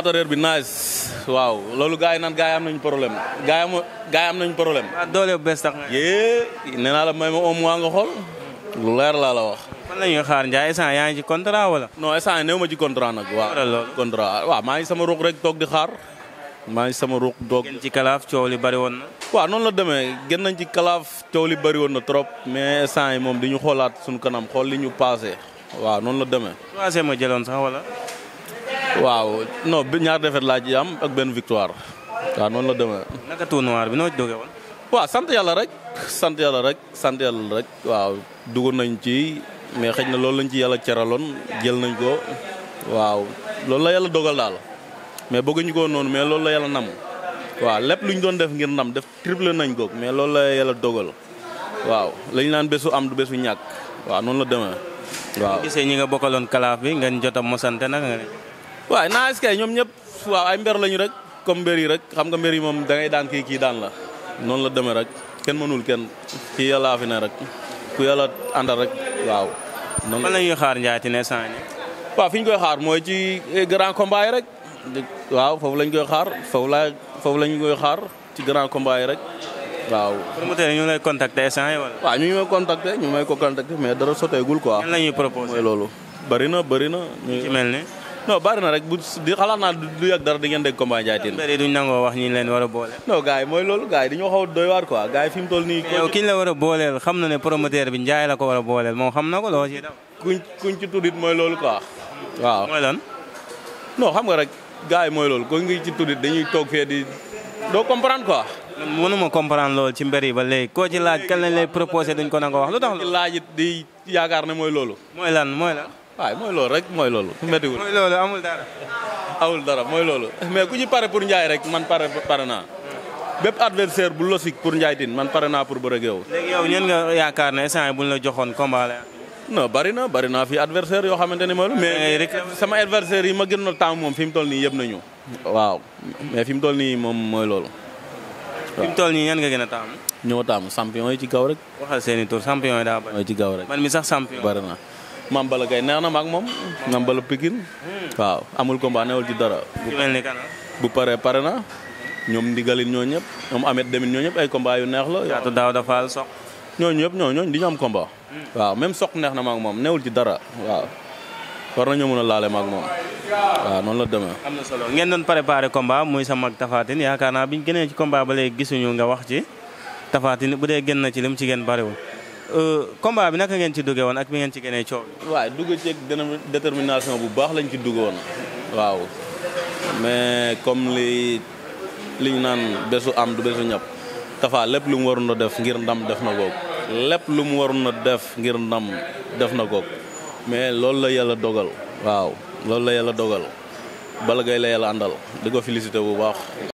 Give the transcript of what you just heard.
matériel bi nice waaw loolu gars yi naan gars am nañu problème gars yi am am nañu problème. waaw ah, doole bu bees tax nga. yee nee naa la may ma un mois nga xool lu leer laa la wax. fan la ñuy xaar Ndiaye instant yaa ngi ci contra wala. non instant yi néew ma ci contrat nag. waaw contrat waaw maa ngi sama ruq rek toog di xaar. maa ngi sama ruq toog. génn ci kalaaf coow li woon na. waaw noonu la demee génn nañ ci kalaaf coow li bëri woon na trop mais instant yi moom di ñu xoolaat suñu kanam xool li ñu passé waaw noonu la demee. waaw non ñaar défaite laa ci am ak benn victoire waaw noonu la demee. naka tournoi bi noo ci doge woon. waaw sant yàlla rek sant yàlla rek sant yàlla rek waaw dugg nañ ci mais xëy na loolu lañ ci yàlla ceraloon jël nañ ko waaw loolu la yàlla dogal daal mais bëgguñu ko noonu mais loolu la yàlla nam waaw lépp luñ doon def ngir nam def triple nañ ko mais loolu la yàlla dogal waaw lañ naan bésu am du bésu ñàkk waaw noonu la demee waaw. gisee ñi nga bokkaloon kalaaf bi ngeen jot a mosante nag nga waaw naa est-ce que ñoom ñëpp waaw ay mbër lañu rek comme mbër yi rek xam nga mbër moom da ngay daan kii kii daan la noonu la demee rek kenn manul kenn kii yàllaa fi ne rek ku yàlla àndal rek waaw. noonu fan la ñuy xaar Ndiaye Sané. waaw fi ñu koy xaar mooy ci eh, grand combat yi rek. waaw foofu lañ koy xaar foofu laa foofu lañ koy xaar ci grand combat rek waaw. promoteur yi ñu lay contacter saa wala. waaw ñu ngi may contacter ñu may ko contacter mais dara soteegul quoi. lan la ñuy proposé mooy loolu. bari na non bari na rek bu di xalaat naa du dara di ngeen dégg combat Ndiaye Tine. mbir yi duñ nangoo wax war a boole. non gars yi mooy la war a booleel xam na ne promoteur bi Ndiaye la ko war a booleel moom xam na ko loo ciy daw. kuñ kuñ ci tuddit mooy loolu waaw mooy lan. non xam nga rek gars yi mooy loolu ko ngi ci tuddit dañuy toog fee di doo comprendre quoi. mënuma comprendre loolu ci mbir ba léegi koo ci laaj kan lañ lay proposé duñ ko nangoo wax lu tax. laaj it di yaakaar ne mooy loolu. mooy lan mooy waaye mooy loolu rek mooy loolu. méttiwul mooy loolu amul dara. mooy loolu mais ku ci pare pour Ndiaye rek man pare pare naa. bépp adversaire bu losik pour Ndiaye Tine man pare naa pour bëre yow. yaakaar ne instant buñ la joxoon combat la. non bari na bari naa fi adversaire yoo xamante ne mooy lu rek sama adversaire yi ma gën a taamu moom fi mu toll nii na ñu waaw mais fi mu toll nii moom mooy loolu. waaw fi mu toll ñan nga gën a taamu. ñoo taamu champion yi ci kaw rek. waxal seen i tur champion ci kaw rek man mi sax champion bari na. mambal bala gay mak na maak moom pikin waaw amul combat newul ci dara bu pare pare na ñom ndigalin ñoo ñep amet demin ñoo ñep ay combat yu neex la yaatu daaw da faal sok ñoo ñep ñoo ñoo di ñam combat waaw même sok neex na mak mom newul ci dara waaw war nañu mën a laale maak moom waaw la amna solo ngeen done préparer combat muy sa mak tafatin ya, naa biñ gënee ci combat ba lay gisunu nga wax ci tafatin bu dé gën na ci lim ci gën Euh, combat bi naka ngeen ci duggee woon ak bi ngeen ci gënee coow. waaw dugg ci détermination bu baax lañ ci dugg woon waaw mais comme li li ñu naan bésu am du bésu ñàpp Tapha lépp lu mu waroon a def ngir ndam def na koog lépp lu mu waroon a def ngir ndam def na koog mais loolu la yàlla dogal. waaw loolu la yàlla dogal bala Gaye la yàlla àndal di ko félicité bu baax.